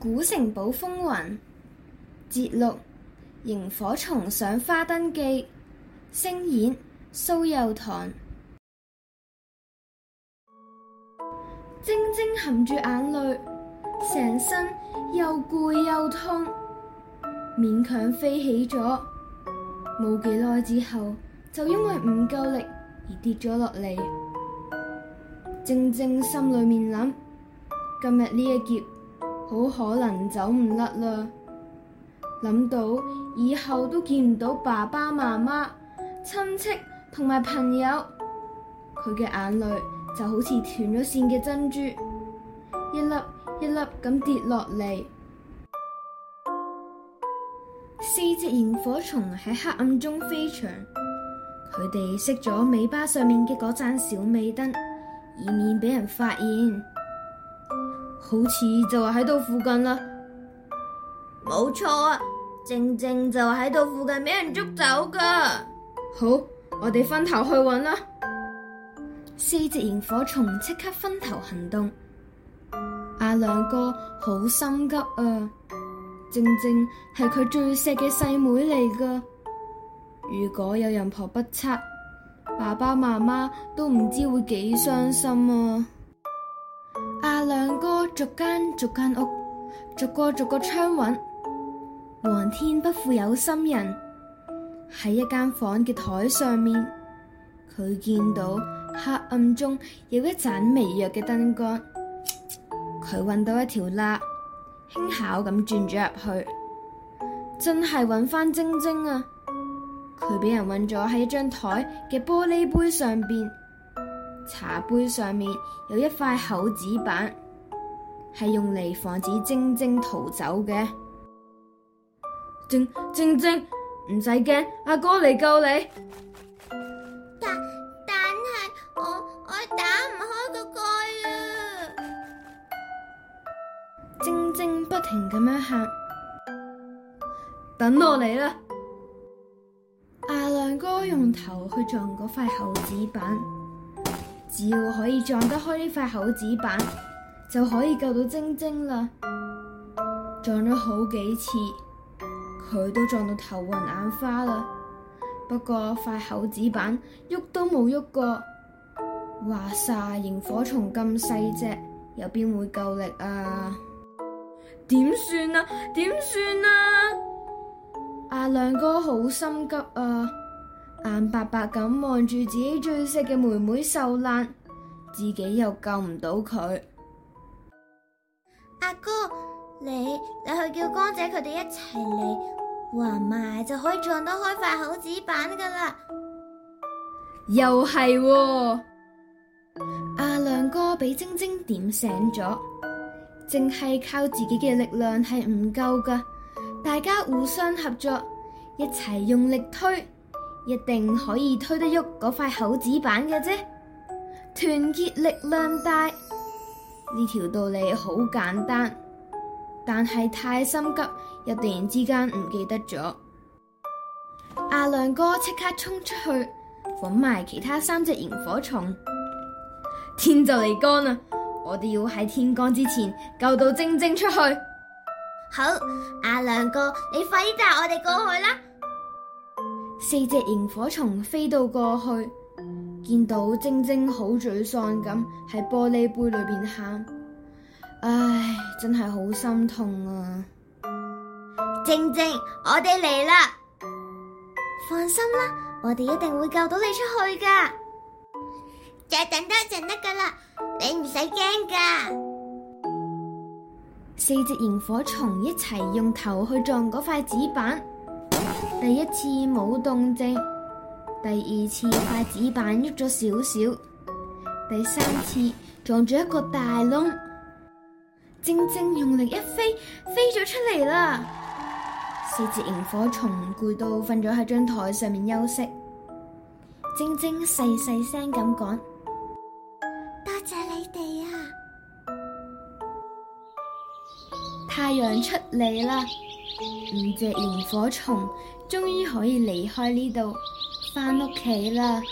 古城堡風雲節錄，螢火蟲賞花燈記，聲演蘇宥糖。晶晶含住眼淚，成身又攰又痛，勉強飛起咗，冇幾耐之後就因為唔夠力而跌咗落嚟。晶晶心裏面諗：今日呢一劫好可能走唔甩啦！諗到以後都見唔到爸爸媽媽、親戚同埋朋友，佢嘅眼淚就好似斷咗線嘅珍珠，一粒一粒咁跌落嚟。四隻螢火蟲喺黑暗中飛翔，佢哋熄咗尾巴上面嘅嗰盞小尾燈，以免俾人發現。好似就係喺度附近啦，冇錯啊，靜靜就喺度附近俾人捉走噶。好，我哋分頭去揾啦。四隻螢火蟲即刻分頭行動。阿亮哥好心急啊，靜靜係佢最錫嘅細妹嚟噶。如果有人婆不測，爸爸媽媽都唔知會幾傷心啊。亮哥逐間逐間屋，逐個逐個窗揾，皇天不負有心人，喺一間房嘅台上面，佢見到黑暗中有一盞微弱嘅燈光，佢揾到一條罅，輕巧咁轉咗入去，真係揾翻晶晶啊！佢俾人揾咗喺一張台嘅玻璃杯上邊。茶杯上面有一塊厚紙板，係用嚟防止晶晶逃走嘅。晶晶，晶唔使驚，阿哥嚟救你。但，但係我，我打唔開個蓋啊！晶晶不停咁樣喊，等我嚟啦。阿亮哥用頭去撞嗰塊厚紙板。只要可以撞得開呢塊厚紙板，就可以救到晶晶啦。撞咗好幾次，佢都撞到頭暈眼花啦。不過塊厚紙板喐都冇喐過。哇塞，螢火蟲咁細隻，又邊會夠力啊？點算啊？點算啊？阿亮、啊啊、哥好心急啊！眼白白咁望住自己最錫嘅妹妹受難，自己又救唔到佢。阿哥，你你去叫光仔佢哋一齊嚟，話埋就可以撞到開塊好紙板噶啦。又係喎，阿亮哥俾晶晶點醒咗，淨係靠自己嘅力量係唔夠噶，大家互相合作，一齊用力推。一定可以推得喐嗰塊厚紙板嘅啫，團結力量大呢條道理好簡單，但係太心急又突然之間唔記得咗。阿亮哥即刻衝出去，揾埋其他三隻螢火蟲。天就嚟光啦，我哋要喺天光之前救到晶晶出去。好，阿亮哥，你快啲帶我哋過去啦。四隻螢火蟲飛到過去，見到晶晶好沮喪咁喺玻璃杯裏邊喊：唉，真係好心痛啊！晶晶，我哋嚟啦，放心啦，我哋一定會救到你出去噶，再等多一陣得噶啦，你唔使驚噶。四隻螢火蟲一齊用頭去撞嗰塊紙板。第一次冇動靜，第二次塊紙板喐咗少少，第三次撞住一個大窿，晶晶用力一飛，飛咗出嚟啦。四隻螢火蟲攰到瞓咗喺張台上面休息，晶晶細細聲咁講：多謝你哋啊！太陽出嚟啦！五隻螢火蟲終於可以離開呢度，翻屋企啦！